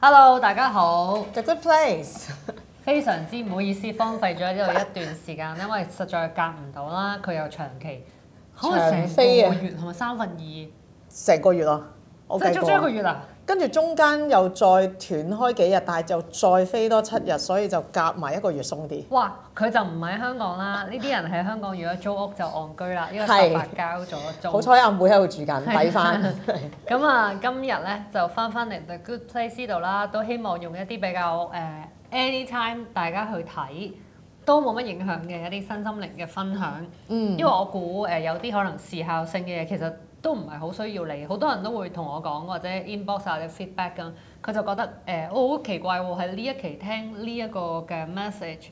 Hello，大家好。's a good place。 非常之唔好意思，荒廢咗呢度一段時間，因為實在隔唔到啦，佢又長期，長可能成四個月係咪三分二，成個月咯，即係足足一個月啦。跟住中間又再斷開幾日，但係就再飛多七日，所以就夾埋一個月鬆啲。哇！佢就唔喺香港啦，呢啲人喺香港如果租屋就戇居啦，因為交咗租是。中好彩阿妹喺度住緊，抵翻。咁啊、 嗯，今日咧就翻返嚟 The Good Place 度啦，都希望用一啲比較誒、uh, anytime 大家去睇都冇乜影響嘅一啲身心靈嘅分享。嗯。因為我估誒、呃、有啲可能時效性嘅嘢，其實。都唔係好需要你，好多人都會同我講或者 inbox 或你 feedback 咁、啊，佢就覺得誒我好奇怪喎、啊，係呢一期聽呢一個嘅 message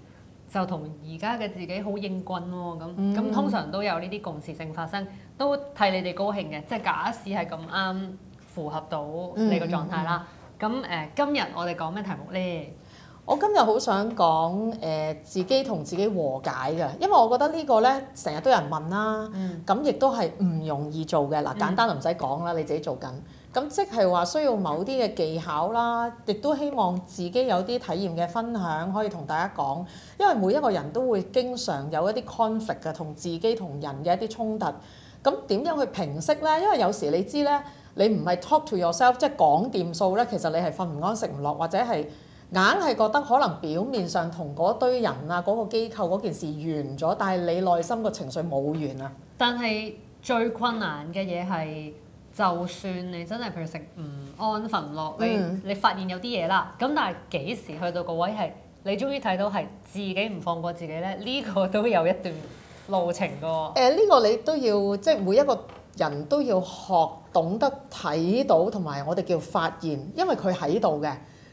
就同而家嘅自己好應襯喎咁，咁、嗯、通常都有呢啲共時性發生，都替你哋高興嘅，即係假使係咁啱符合到你個狀態啦。咁誒、嗯呃，今日我哋講咩題目呢？我今日好想講誒、呃、自己同自己和解嘅，因為我覺得呢個呢，成日都有人問啦，咁亦、嗯、都係唔容易做嘅嗱，簡單就唔使講啦，你自己做緊，咁即係話需要某啲嘅技巧啦，亦都希望自己有啲體驗嘅分享可以同大家講，因為每一個人都會經常有一啲 conflict 嘅同自己同人嘅一啲衝突，咁點樣去平息呢？因為有時你知呢，你唔係 talk to yourself 即係講掂數呢，其實你係瞓唔安食唔落或者係。硬係覺得可能表面上同嗰堆人啊、嗰、嗰個機構嗰件事完咗，但係你內心個情緒冇完啊！但係最困難嘅嘢係，就算你真係譬如食唔安份落，嗯、你你發現有啲嘢啦。咁但係幾時去到個位係你終於睇到係自己唔放過自己呢。呢、呢個都有一段路程噶喎。呢、呃呢個你都要即係、即係、每一個人都要學懂得睇到同埋我哋叫發現，因為佢喺度嘅。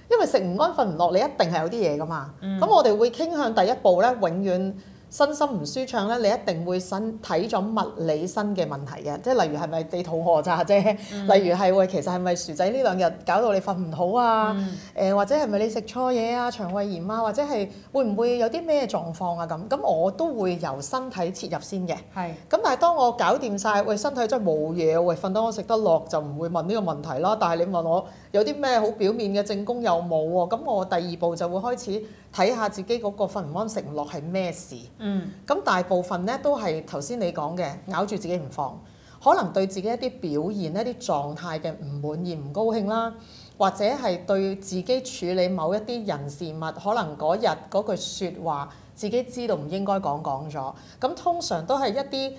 因為食唔安、瞓唔落，你一定係有啲嘢㗎嘛。咁、嗯、我哋會傾向第一步咧，永遠身心唔舒暢咧，你一定會身睇咗物理身嘅問題嘅，即係例如係咪地肚餓咋啫？例如係、嗯、喂，其實係咪薯仔呢兩日搞到你瞓唔好啊？誒、嗯呃、或者係咪你食錯嘢啊？腸胃炎啊？或者係會唔會有啲咩狀況啊咁？咁我都會由身體切入先嘅。係。咁但係當我搞掂晒，喂身體真係冇嘢，喂瞓到我食得落，就唔會問呢個問題啦。但係你問我。有啲咩好表面嘅正功有冇、哦、喎，咁我第二步就會開始睇下自己嗰個份唔安食唔落係咩事？嗯，咁大部分呢都係頭先你講嘅咬住自己唔放，可能對自己一啲表現一啲狀態嘅唔滿意唔高興啦，或者係對自己處理某一啲人事物，可能嗰日嗰句説話自己知道唔應該講講咗，咁通常都係一啲。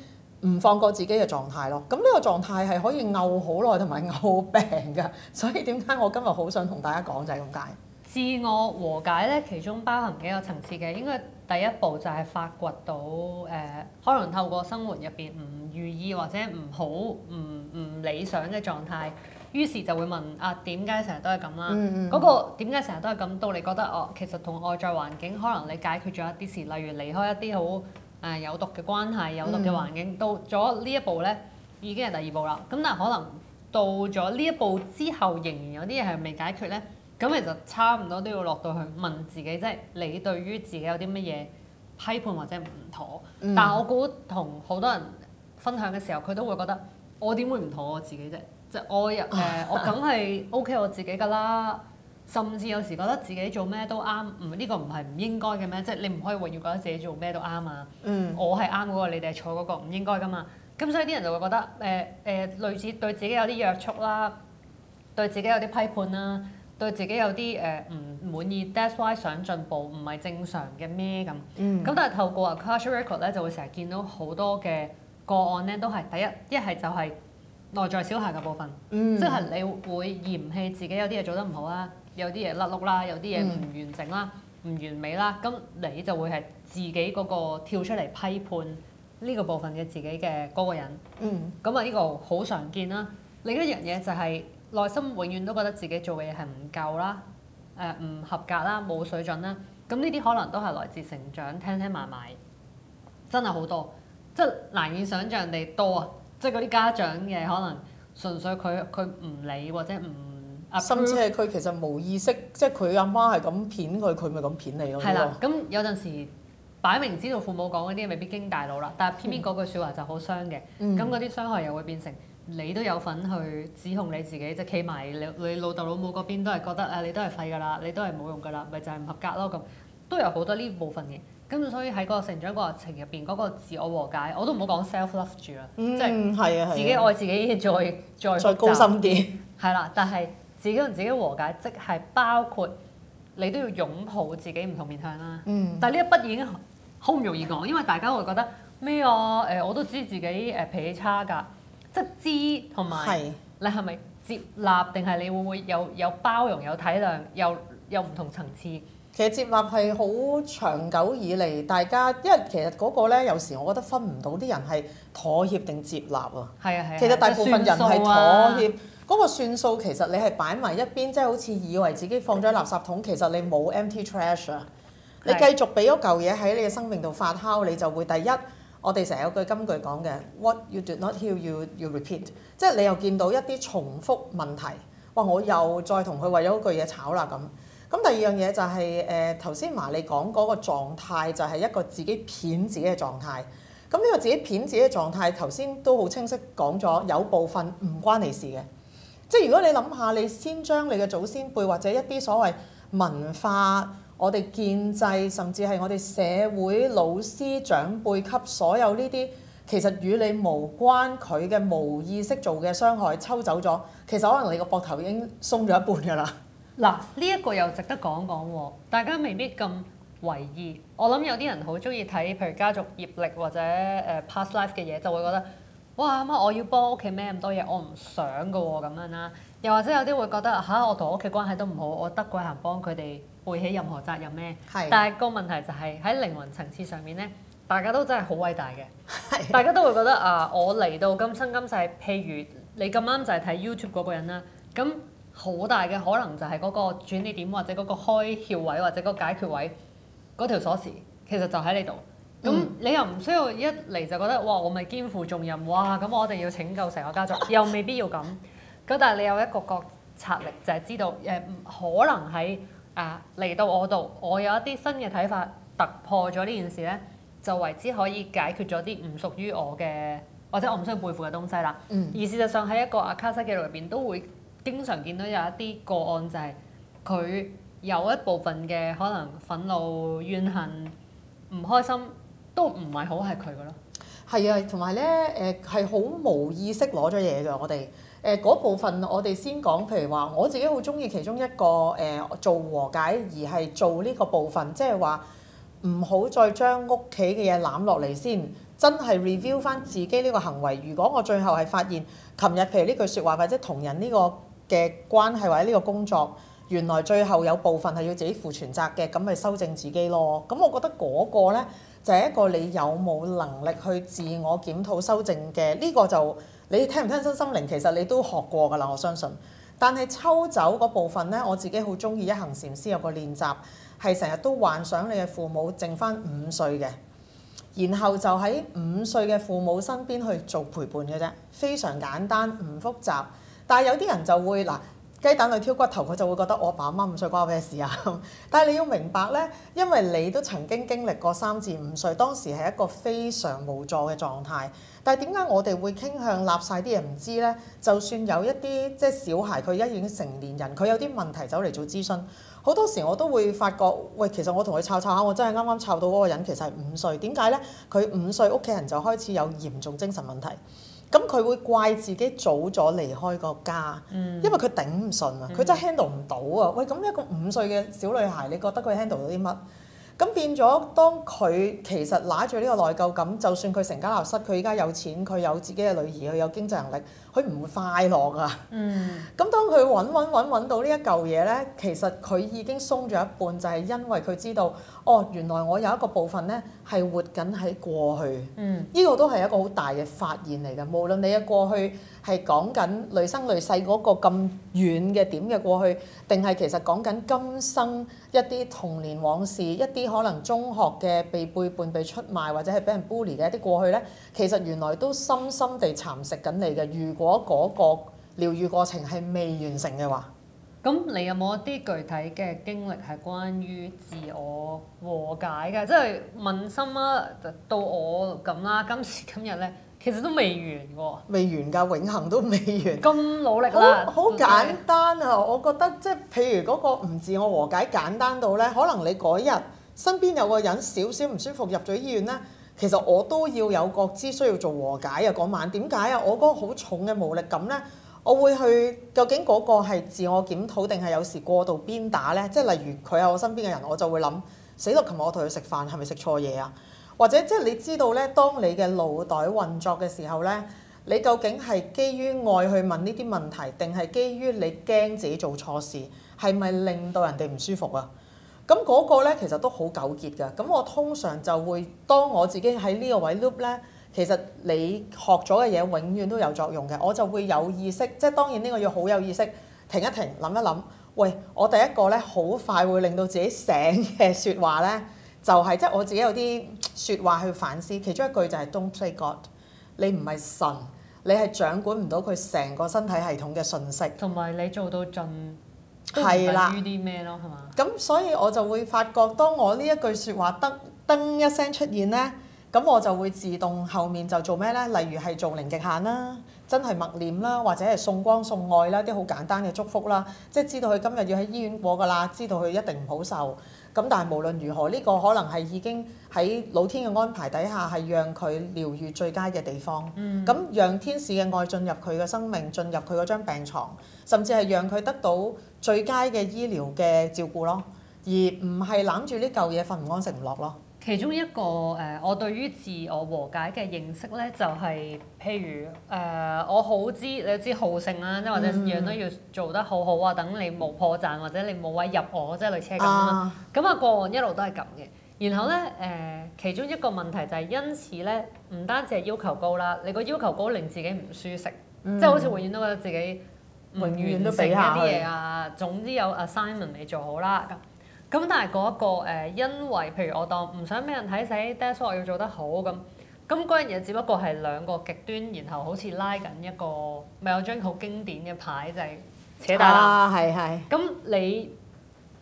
唔放過自己嘅狀態咯，咁呢個狀態係可以漚好耐同埋漚病㗎，所以點解我今日好想同大家講就係咁解。自我和解呢，其中包含幾個層次嘅，應該第一步就係發掘到誒、呃，可能透過生活入邊唔如意或者唔好、唔唔理想嘅狀態，於是就會問啊點解成日都係咁啦？嗰、嗯、個點解成日都係咁？到你覺得哦，其實同外在環境可能你解決咗一啲事，例如離開一啲好。誒有毒嘅關係，有毒嘅環境，嗯、到咗呢一步呢，已經係第二步啦。咁但係可能到咗呢一步之後，仍然有啲嘢係未解決呢。咁其實差唔多都要落到去問自己，即係你對於自己有啲乜嘢批判或者唔妥？嗯、但係我估同好多人分享嘅時候，佢都會覺得我點會唔妥我自己啫？即係我誒， 我梗係 O K 我自己㗎啦。甚至有時覺得自己做咩都啱，唔、這、呢個唔係唔應該嘅咩？即、就、係、是、你唔可以永遠覺得自己做咩都啱啊！嗯、我係啱嗰個，你哋係錯嗰個，唔應該㗎嘛？咁所以啲人就會覺得誒誒、呃呃，類似對自己有啲約束啦，對自己有啲批判啦，對自己有啲誒唔滿意。嗯、That's why 想進步唔係正常嘅咩咁？咁、嗯、但係透過啊 Crash Record 咧，就會成日見到好多嘅個案咧，都係第一一係就係內在小孩嘅部分，即係、嗯、你會嫌棄自己有啲嘢做得唔好啦。有啲嘢甩碌啦，有啲嘢唔完整啦，唔、嗯、完美啦，咁你就會係自己嗰個跳出嚟批判呢個部分嘅自己嘅嗰個人。咁啊呢個好常見啦。另一樣嘢就係、是、內心永遠都覺得自己做嘅嘢係唔夠啦，誒、呃、唔合格啦，冇水準啦。咁呢啲可能都係來自成長聽聽埋埋，真係好多，即係難以想像地多啊！即係嗰啲家長嘅可能純粹佢佢唔理或者唔。啊、甚至係佢其實冇意識，即係佢阿媽係咁騙佢，佢咪咁騙你咯。係啦的，咁是有陣時擺明知道父母講嗰啲未必經大腦啦，但係偏偏嗰句説話就好傷嘅。咁嗰啲傷害又會變成你都有份去指控你自己，即企埋你你，你老豆老母嗰邊都係覺得啊，你都係廢㗎啦，你都係冇用㗎啦，咪就係、是、唔合格咯。咁都有好多呢部分嘅。咁所以喺個成長過程入邊嗰個自我和解，我都唔好講 self love 住啦，即係、嗯、自己愛自己再，再再的的再高深啲係啦。但係自己同自己和解，即係包括你都要擁抱自己唔同面向啦。嗯。但係呢一筆已經好唔容易講，因為大家會覺得咩啊？誒、呃，我都知自己誒脾氣差㗎，即係知同埋係你係咪接納，定係你會唔會有有包容、有體諒、有有唔同層次？其實接納係好長久以嚟，大家因為其實嗰個咧，有時我覺得分唔到啲人係妥協定接納啊。係啊係啊。啊其實大部分人係妥協。嗰個算數其實你係擺埋一邊，即、就、係、是、好似以為自己放咗喺垃圾桶，其實你冇 empty trash 啊的！你繼續俾嗰嚿嘢喺你嘅生命度發酵，你就會第一，我哋成日有句金句講嘅 what you do not heal you you repeat，即係你又見到一啲重複問題，哇！我又再同佢為咗句嘢吵啦咁。咁第二樣嘢就係誒頭先華你講嗰個狀態就係一個自己騙自己嘅狀態。咁呢個自己騙自己嘅狀態頭先都好清晰講咗，有部分唔關你事嘅。即係如果你諗下，你先將你嘅祖先輩或者一啲所謂文化，我哋建制，甚至係我哋社會老師長輩給所有呢啲，其實與你無關，佢嘅無意識做嘅傷害抽走咗，其實可能你個膊頭已經鬆咗一半㗎啦。嗱，呢一個又值得講講喎，大家未必咁為意。我諗有啲人好中意睇，譬如家族業力或者誒 past life 嘅嘢，就會覺得。哇！咁啊，我要幫屋企孭咁多嘢，我唔想噶喎、哦，咁樣啦。又或者有啲會覺得嚇、啊，我同屋企關係都唔好，我得鬼閒幫佢哋背起任何責任咩？的但係個問題就係、是、喺靈魂層次上面呢，大家都真係好偉大嘅。的大家都會覺得啊，我嚟到今生今世，譬如你咁啱就係睇 YouTube 嗰個人啦，咁好大嘅可能就係嗰個轉捩點，或者嗰個開竅位，或者嗰個解決位，嗰條鎖匙其實就喺你度。咁、嗯、你又唔需要一嚟就覺得，哇，我咪肩負重任哇，咁我我哋要拯救成個家族，又未必要咁。咁但係你有一個覺察力，就係、是、知道誒、呃、可能喺啊嚟到我度，我有一啲新嘅睇法，突破咗呢件事咧，就為之可以解決咗啲唔屬於我嘅，或者我唔需要背負嘅東西啦。嗯、而事實上喺一個阿卡西記錄入邊都會經常見到有一啲個案就係、是、佢有一部分嘅可能憤怒、怨恨、唔開心。都唔係好係佢嘅咯，係啊，同埋咧，誒係好冇意識攞咗嘢㗎，我哋誒嗰部分我哋先講，譬如話我自己好中意其中一個誒、呃、做和解而係做呢個部分，即係話唔好再將屋企嘅嘢攬落嚟先，真係 review 返自己呢個行為。如果我最後係發現，琴日譬如呢句説話，或者同人呢個嘅關係或者呢個工作，原來最後有部分係要自己負全責嘅，咁咪修正自己咯。咁我覺得嗰個咧。就係一個你有冇能力去自我檢討修正嘅，呢個就你聽唔聽身心靈，其實你都學過㗎啦，我相信。但係抽走嗰部分呢，我自己好中意一行禪師有個練習，係成日都幻想你嘅父母剩翻五歲嘅，然後就喺五歲嘅父母身邊去做陪伴嘅啫，非常簡單唔複雜。但係有啲人就會嗱。雞蛋裏挑骨頭，佢就會覺得我爸媽五歲關我咩事啊？ 但係你要明白呢，因為你都曾經經歷過三至五歲，當時係一個非常無助嘅狀態。但係點解我哋會傾向立晒啲嘢唔知呢。就算有一啲即係小孩，佢而家已經成年人，佢有啲問題走嚟做諮詢，好多時我都會發覺，喂，其實我同佢吵吵下，我真係啱啱吵到嗰個人其實係五歲。點解呢？佢五歲屋企人就開始有嚴重精神問題。咁佢會怪自己早咗離開個家，嗯、因為佢頂唔順啊，佢真係 handle 唔到啊。嗯、喂，咁一個五歲嘅小女孩，你覺得佢 handle 到啲乜？咁變咗，當佢其實揦住呢個內疚感，就算佢成家立室，佢依家有錢，佢有自己嘅女兒，佢有經濟能力。佢唔會快樂㗎。咁、嗯、當佢揾揾揾揾到呢一嚿嘢呢，其實佢已經鬆咗一半，就係因為佢知道，哦，原來我有一個部分呢係活緊喺過去。呢、嗯、個都係一個好大嘅發現嚟㗎。無論你嘅過去係講緊累生累世嗰個咁遠嘅點嘅過去，定係其實講緊今生一啲童年往事，一啲可能中學嘅被背叛、被出賣或者係俾人 bully 嘅一啲過去呢？其實原來都深深地蠶食緊你嘅。如果如果嗰個療愈過程係未完成嘅話，咁你有冇一啲具體嘅經歷係關於自我和解嘅？即係問心啦，到我咁啦，今時今日咧，其實都未完喎、嗯，未完㗎，永恆都未完。咁努力啦，好簡單啊！係嘅。我覺得即係譬如嗰個唔自我和解簡單到咧，可能你嗰日身邊有個人少少唔舒服入咗醫院咧。其實我都要有覺知，需要做和解啊！嗰晚點解啊？我嗰個好重嘅無力感呢，我會去究竟嗰個係自我檢討定係有時過度鞭打呢？即係例如佢係我身邊嘅人，我就會諗：死到琴日我同佢食飯係咪食錯嘢啊？或者即係你知道呢，當你嘅腦袋運作嘅時候呢，你究竟係基於愛去問呢啲問題，定係基於你驚自己做錯事，係咪令到人哋唔舒服啊？咁嗰個咧，其實都好糾結㗎。咁我通常就會當我自己喺呢個位 loop 咧，其實你學咗嘅嘢永遠都有作用嘅。我就會有意識，即係當然呢個要好有意識，停一停，諗一諗。喂，我第一個咧，好快會令到自己醒嘅説話咧，就係、是、即係我自己有啲説話去反思，其中一句就係、是、Don't play God。你唔係神，你係掌管唔到佢成個身體系統嘅信息。同埋你做到盡。係啦，啲咩囉？係嘛？咁所以我就會發覺，當我呢一句説話得噔一聲出現咧，咁我就會自動後面就做咩咧？例如係做零極限啦，真係默念啦，或者係送光送愛啦，啲好簡單嘅祝福啦，即係知道佢今日要喺醫院過噶啦，知道佢一定唔好受。咁但係無論如何，呢個可能係已經喺老天嘅安排底下，係讓佢療愈最佳嘅地方。咁、嗯、讓天使嘅愛進入佢嘅生命，進入佢嗰張病床，甚至係讓佢得到最佳嘅醫療嘅照顧咯，而唔係攬住呢嚿嘢瞓唔安食唔落咯。其中一個誒、呃，我對於自我和解嘅認識咧，就係、是、譬如誒、呃，我好知你知好勝啦、啊，即係或者樣都要做得好好啊，等你冇破綻或者你冇位入我，即係類似係咁啊。咁啊，過往一路都係咁嘅。然後咧誒、呃，其中一個問題就係因此咧，唔單止係要求高啦，你個要求高令自己唔舒適，嗯、即係好似永遠都覺得自己永遠都俾下啲嘢啊，總之有 assignment 未做好啦。咁但係嗰一個誒，因為譬如我當唔想俾人睇死，所以要做得好咁，咁嗰樣嘢只不過係兩個極端，然後好似拉緊一個，咪有張好經典嘅牌就係、是、扯大啦。係係、啊。咁你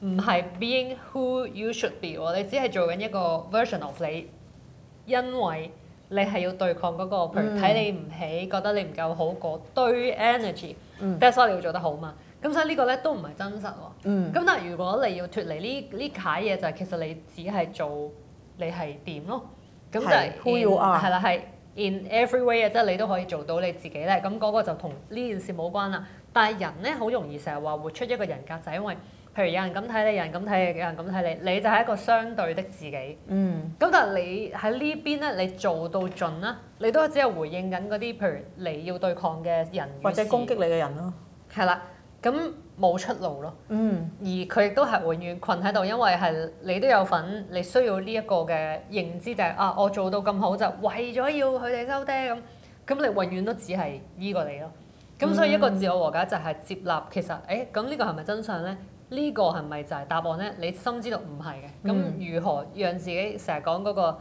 唔係 being who you should be 你只係做緊一個 version of 你，因為你係要對抗嗰、那個譬如睇你唔起、嗯、覺得你唔夠好個堆 energy、嗯。所以你要做得好嘛？咁所以個呢個咧都唔係真實喎。咁、嗯、但係如果你要脫離呢呢啀嘢，就係其實你只係做你係點咯。咁的就係有、啊，係啦，係。In every way 啊，即係你都可以做到你自己咧。咁、那、嗰個就同呢件事冇關啦。但係人咧好容易成日話活出一個人格，就係、是、因為譬如有人咁睇你，有人咁睇你，有人咁睇你，你就係一個相對的自己。嗯。咁但係你喺呢邊咧，你做到盡啦，你都只有回應緊嗰啲譬如你要對抗嘅人或者攻擊你嘅人咯。係啦。咁冇出路咯，嗯、而佢亦都係永遠困喺度，因為係你都有份，你需要呢一個嘅認知就係、是、啊，我做到咁好就為咗要佢哋收爹咁，咁你永遠都只係依個你咯。咁、嗯、所以一個自我和解就係接納，其實誒，咁、欸、呢個係咪真相咧？呢、這個係咪就係答案咧？你心知道唔係嘅，咁、嗯、如何讓自己成日講嗰個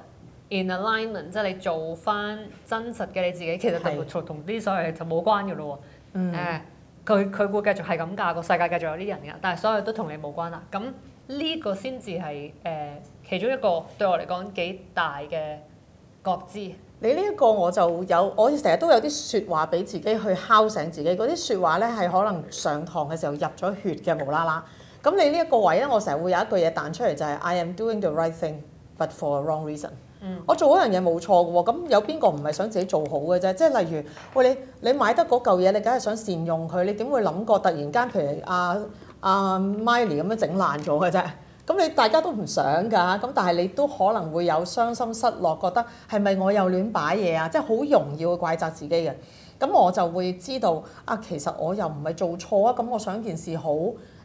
in alignment，即係你做翻真實嘅你自己，其實同同啲所謂就冇關嘅咯喎，嗯啊。佢佢會繼續係咁㗎，個世界繼續有啲人㗎，但係所有都同你冇關啦。咁呢個先至係誒，其中一個對我嚟講幾大嘅覺知，你呢一個我就有，我成日都有啲説話俾自己去敲醒自己。嗰啲説話咧，係可能上堂嘅時候入咗血嘅，無啦啦。咁你呢一個位咧，我成日會有一句嘢彈出嚟就係 I am doing the right thing but for a wrong reason。我做嗰樣嘢冇錯嘅喎，咁有邊個唔係想自己做好嘅啫？即係例如，喂你你買得嗰嚿嘢，你梗係想善用佢，你點會諗過突然間，譬如阿阿、啊啊、Miley 咁樣整爛咗嘅啫？咁你大家都唔想㗎，咁但係你都可能會有傷心失落，覺得係咪我又亂擺嘢啊？即係好容易會怪責自己嘅。咁我就會知道，啊其實我又唔係做錯啊，咁我想件事好，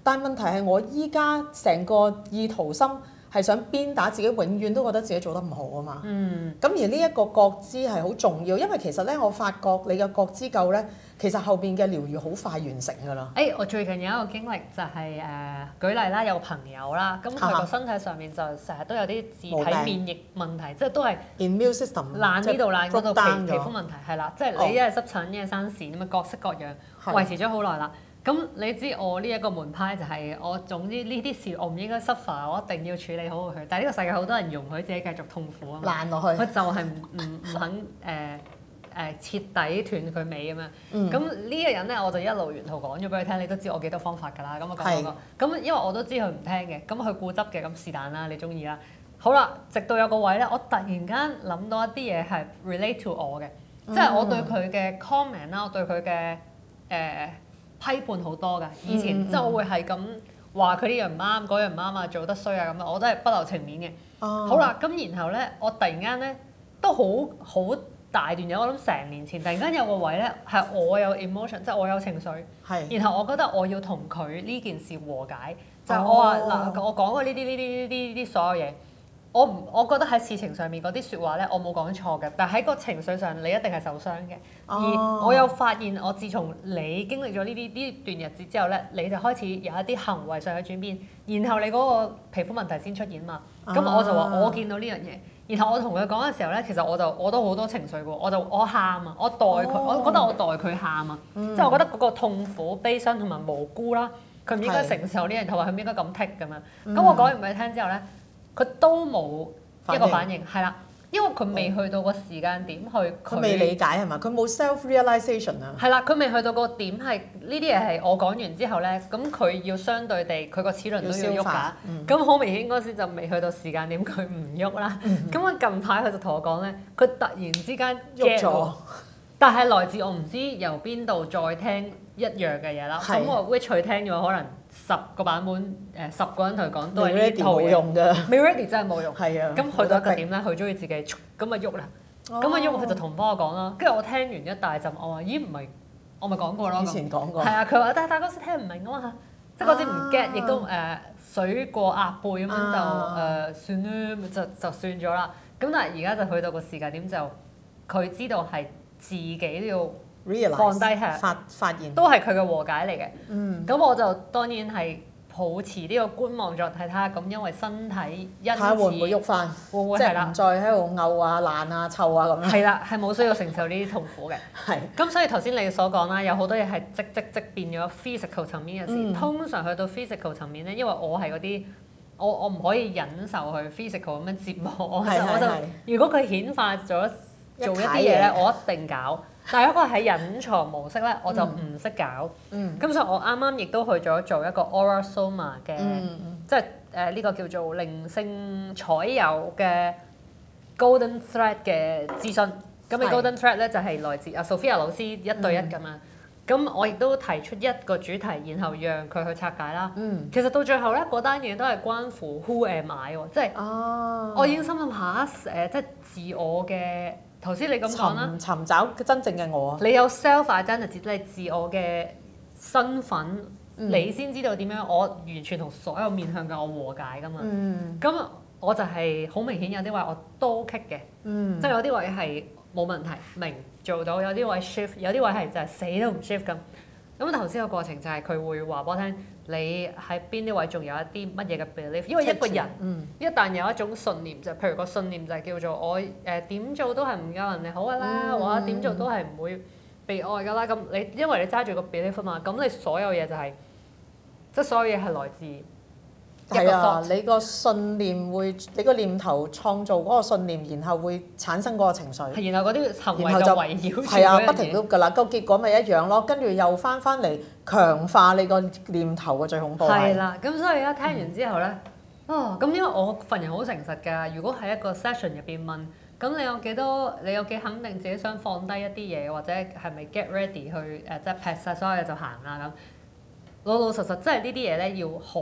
但係問題係我依家成個意圖心。係想鞭打自己，永遠都覺得自己做得唔好啊嘛。嗯。咁而呢一個覺知係好重要，因為其實咧，我發覺你嘅覺知夠咧，其實後邊嘅療愈好快完成㗎啦。誒、欸，我最近有一個經歷就係、是、誒、呃，舉例啦，有個朋友啦，咁佢個身體上面就成日都有啲自體免疫問題，啊啊、即係都係。immune system 爛呢度爛嗰度皮皮膚問題係啦，即係你一係濕疹，一係生蟎，咁啊各色各樣維持咗好耐啦。咁你知我呢一個門派就係我總之呢啲事我唔應該 suffer，我一定要處理好佢。但係呢個世界好多人容許自己繼續痛苦啊嘛，爛落下去，佢就係唔唔肯誒誒、呃呃、徹底斷佢尾咁樣。咁呢、嗯、個人咧我就一路沿途講咗俾佢聽，你都知我幾多方法㗎啦。咁我講咗，咁是的 因為我都知佢唔聽嘅，咁佢固執嘅，咁是但啦，你中意啦。好啦，直到有個位咧，我突然間諗到一啲嘢係 relate to 我嘅，即係我對佢嘅 comment 啦，我對佢嘅誒。呃批判好多㗎，以前即係我會係咁話佢呢樣唔啱，嗰樣唔啱啊，做得衰啊咁啊，我都係不留情面嘅。哦、好啦，咁然後咧，我突然間咧都好好大段嘢，我諗成年前突然間有個位咧係我有 emotion，即係我有情緒。係。然後我覺得我要同佢呢件事和解，就係我話嗱，哦、我講過呢啲呢啲呢啲呢啲所有嘢。我唔，我覺得喺事情上面嗰啲説話咧，我冇講錯嘅。但喺個情緒上，你一定係受傷嘅。Oh. 而我又發現，我自從你經歷咗呢啲呢段日子之後咧，你就開始有一啲行為上嘅轉變。然後你嗰個皮膚問題先出現嘛。咁、oh. 我就話我見到呢樣嘢。然後我同佢講嘅時候咧，其實我就我都好多情緒嘅，我就我喊啊，我代佢，我，oh. 我覺得我代佢喊啊。Oh. 即係我覺得嗰個痛苦、悲傷同埋無辜啦，佢唔、嗯、應該承受呢樣，同埋佢唔應該咁剔咁樣。咁、嗯嗯、我講完俾你聽之後咧。佢都冇一個反應，係啦應，因為佢未去到個時間點去佢未理解係嘛？佢冇 self-realization 啊，係啦，佢未去到個點。係呢啲嘢係我講完之後咧，咁佢要相對地佢個齒輪都要喐㗎，咁、嗯、好明顯嗰時就未去到時間點，佢唔喐啦。咁啊近排佢就同我講咧，佢突然之間喐咗，動了 但係來自我唔知由邊度再聽一樣嘅嘢啦。咁我 WhatsApp 聽咗可能。十個版本，誒十個人同佢講都未 ready 冇用嘅，未 ready 真係冇用。係啊，咁去到一個點咧，佢中意自己咁咪喐啦，咁咪喐，佢就同、oh. 我講啦。跟住我聽完一大陣，我話咦唔係，我咪講過咯，以前講過，係啊，佢話但係大公司聽唔明啊嘛，即係嗰啲唔 get 亦都誒、呃、水過鴨背咁樣就誒算啦，就就算咗啦。咁但係而家就去到個時間點就佢知道係自己要。放低下，發發現都係佢嘅和解嚟嘅。嗯。咁我就當然係抱持呢個觀望狀態睇下，咁因為身體因此睇下會唔會喐翻，會唔會即係唔再喺度嘔啊、爛啊、臭啊咁樣。係啦，係冇需要承受呢啲痛苦嘅。係。咁所以頭先你所講啦，有好多嘢係即即即變咗 physical 層面嘅事。通常去到 physical 層面咧，因為我係嗰啲，我我唔可以忍受去 physical 咁樣折磨我。係係係。如果佢顯化咗做一啲嘢咧，我一定搞。但係一個喺隱藏模式咧，我就唔識搞。咁、嗯、所以我啱啱亦都去咗做一個 AuraSoma 嘅，嗯嗯、即係誒呢個叫做靈性彩油嘅 Golden Thread 嘅諮詢。咁你是 Golden Thread 咧就係來自啊 Sophia 老師一對一咁樣。咁、嗯、我亦都提出一個主題，然後讓佢去拆解啦。嗯、其實到最後咧，嗰單嘢都係關乎 Who am I 喎、啊，即係我已經心諗下誒，即係自我嘅。頭先你咁講啦，尋尋找真正嘅我啊！你有 self identity，你自我嘅身份，嗯、你先知道點樣。我完全同所有面向嘅我和解㗎嘛。咁、嗯、我就係好明顯有啲位我都棘嘅，嗯、即係有啲位係冇問題，明做到；有啲位 shift，有啲位係就係死都唔 shift 咁。咁頭先個過程就係佢會話畀我聽。你喺邊啲位仲有一啲乜嘢嘅 belief？因為一個人一但有一種信念就，嗯、譬如個信念就係叫做我誒點、呃、做都係唔夠人哋好噶啦，嗯、或者點做都係唔會被愛噶啦。咁你因為你揸住個 belief 嘛，咁你所有嘢就係即係所有嘢係來自係啊！你個信念會，你個念頭創造嗰個信念，然後會產生嗰個情緒，然後嗰啲行為就圍繞住係啊不停 loop 噶啦，個結果咪一樣咯。跟住又翻翻嚟。強化你個念頭嘅最恐怖係啦，咁所以咧聽完之後咧，哦 咁、嗯嗯、因為我份人好誠實㗎。如果喺一個 session 入邊問，咁你有幾多？你有幾肯定自己想放低一啲嘢，或者係咪 get ready 去誒、啊，即係撇晒所有嘢就行啊咁？老老實實，即係呢啲嘢咧要好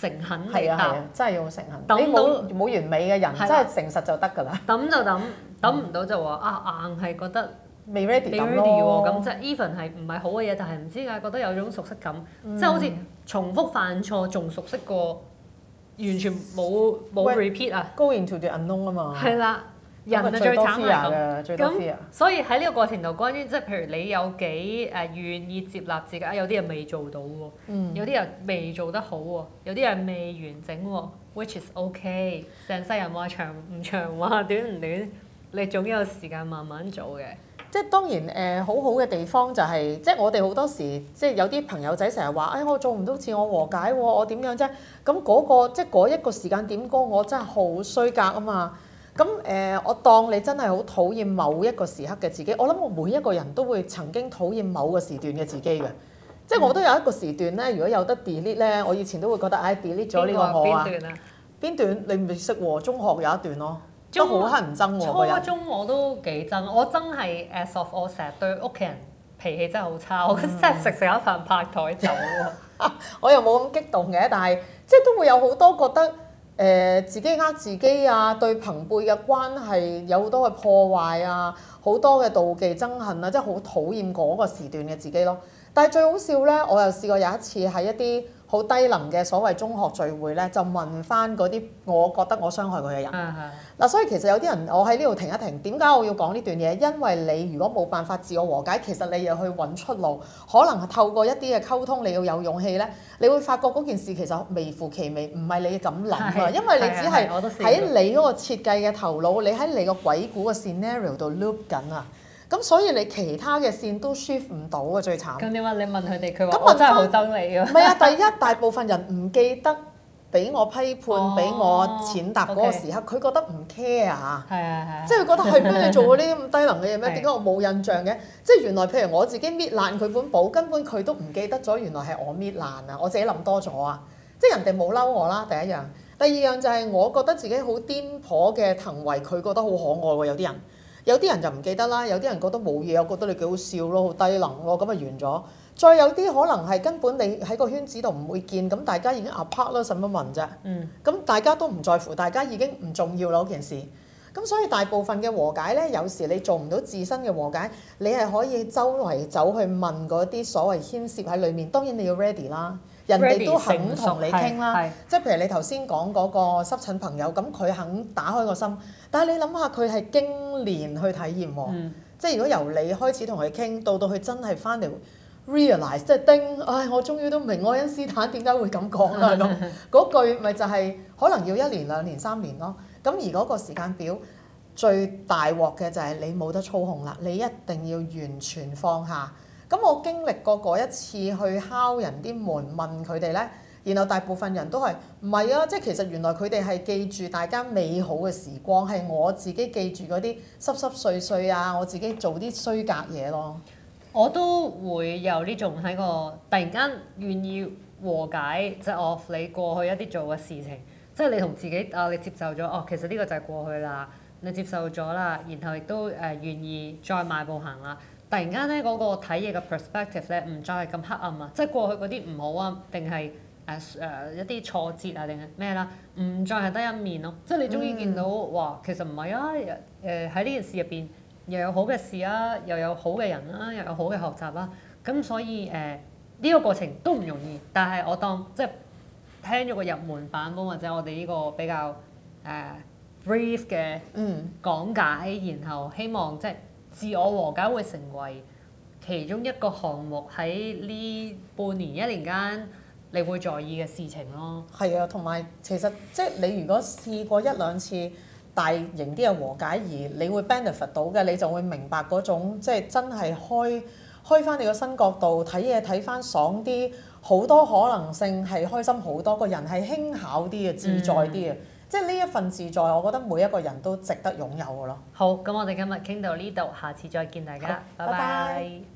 誠懇嚟答， 嗯 嗯 嗯、 真係要好誠懇。等到冇到完美嘅人， 真係誠實就得㗎啦。 嗯、等就等，等唔到就話啊，硬係覺得。未 ready 咁咁即係 even 係唔係好嘅嘢，但係唔知點解覺得有種熟悉感，嗯、即係好似重複犯錯仲熟悉過完全冇冇 repeat 啊，go into the unknown 啊嘛了，係啦，人係最慘嘅咁。所以喺呢個過程度，關於即係譬如你有幾誒願意接納自己，有啲人未做到喎，嗯、有啲人未做得好喎，有啲人未完整喎，which is okay。成世人話長唔長，話短唔短，你總有時間慢慢做嘅。即係當然誒、呃，好好嘅地方就係、是，即係我哋好多時，即係有啲朋友仔成日話，誒、哎，我做唔到自我和解喎，我點樣啫？咁、那、嗰個即係嗰一個時間點歌，我真係好衰格啊嘛！咁誒、呃，我當你真係好討厭某一個時刻嘅自己，我諗我每一個人都會曾經討厭某個時段嘅自己嘅。即係我都有一個時段咧，如果有得 delete 咧，我以前都會覺得，誒，delete 咗呢個我啊。邊段啊？邊段？你唔識和中學有一段咯、哦。都好乞人憎喎、啊、初中我都幾憎，啊、我憎係 as of 我成日對屋企人脾氣真係好差，嗯、我真係食食一份拍台走、啊， 我又冇咁激動嘅，但係即係都會有好多覺得誒、呃、自己呃自己啊，對朋輩嘅關係有好多嘅破壞啊，好多嘅妒忌憎恨啊，即係好討厭嗰個時段嘅自己咯。但係最好笑咧，我又試過有一次喺一啲。好低能嘅所謂中學聚會呢，就問翻嗰啲我覺得我傷害佢嘅人。嗱、嗯嗯啊，所以其實有啲人，我喺呢度停一停。點解我要講呢段嘢？因為你如果冇辦法自我和解，其實你又去揾出路，可能透過一啲嘅溝通，你要有勇氣呢，你會發覺嗰件事其實微乎其微，唔係你咁諗啊，是因為你只係喺你嗰個設計嘅頭腦，你喺你個鬼故嘅 scenario 度 loop 緊啊。咁所以你其他嘅線都 shift 唔到啊，最慘。咁點你問佢哋，佢話麼真係好憎你啊。唔 係啊，第一大部分人唔記得俾我批判、俾、oh, 我踐踏嗰個時刻，佢 okay. 覺得唔 care 嚇。係啊係。即係、啊、佢覺得係咩？你做過呢啲咁低能嘅嘢咩？點解 我冇印象嘅？即係是原來譬如我自己搣爛佢本簿，根本佢都唔記得咗。原來係我搣爛啊！我自己諗多咗啊！即係人哋冇嬲我啦，第一樣。第二樣就係我覺得自己好癲婆嘅行為，佢覺得好可愛喎。有啲人。有啲人就唔記得啦，有啲人覺得冇嘢，我覺得你幾好笑咯，好低能咯，咁咪完咗。再有啲可能係根本你喺個圈子度唔會見，咁大家已經 apart 啦，使乜問啫？嗯，咁大家都唔在乎，大家已經唔重要啦，嗰件事。咁所以大部分嘅和解呢，有時你做唔到自身嘅和解，你係可以周圍走去問嗰啲所謂牽涉喺裡面，當然你要 ready 啦。人哋都肯同你傾啦，即係譬如你頭先講嗰個濕疹朋友，咁佢肯打開個心，但係你諗下佢係經年去體驗喎，嗯、即係如果由你開始同佢傾，到到佢真係翻嚟 realize 即係叮，唉、哎，我終於都唔明愛因斯坦點解會咁講啦咁，嗰 句咪就係可能要一年、兩年、三年咯。咁而嗰個時間表最大鑊嘅就係你冇得操控啦，你一定要完全放下。咁我經歷過嗰一次去敲人啲門問佢哋呢，然後大部分人都係唔係啊？即係其實原來佢哋係記住大家美好嘅時光，係我自己記住嗰啲濕濕碎碎啊，我自己做啲衰格嘢咯。我都會有呢種喺個突然間願意和解，即係 off 你過去一啲做嘅事情，即係你同自己啊，你接受咗哦，其實呢個就係過去啦，你接受咗啦，然後亦都誒願意再邁步行啦。突然間咧，嗰個睇嘢嘅 perspective 咧，唔再係咁黑暗啊！即係過去嗰啲唔好啊，定係誒誒一啲挫折啊，定係咩啦？唔再係得一面咯！即係你終於見到，嗯，哇！其實唔係啊，誒喺呢件事入邊又有好嘅事啊，又有好嘅人啊，又有好嘅學習啦。咁所以誒呢個過程都唔容易，但係我當即係聽咗個入門版本，或者我哋呢個比較誒 brief 嘅講解，嗯、然後希望即係，就是自我和解會成為其中一個項目，喺呢半年一年間你會在意嘅事情咯。係啊，同埋其實即係你如果試過一兩次大型啲嘅和解，而你會 benefit 到嘅，你就會明白嗰種即係真係開開翻你個新角度睇嘢，睇翻爽啲，好多可能性，係開心好多，個人係輕巧啲嘅、自在啲嘅。嗯即係呢一份自在，我覺得每一個人都值得擁有㗎囉。好，咁我哋今日傾到呢度，下次再見大家，好拜拜。拜拜。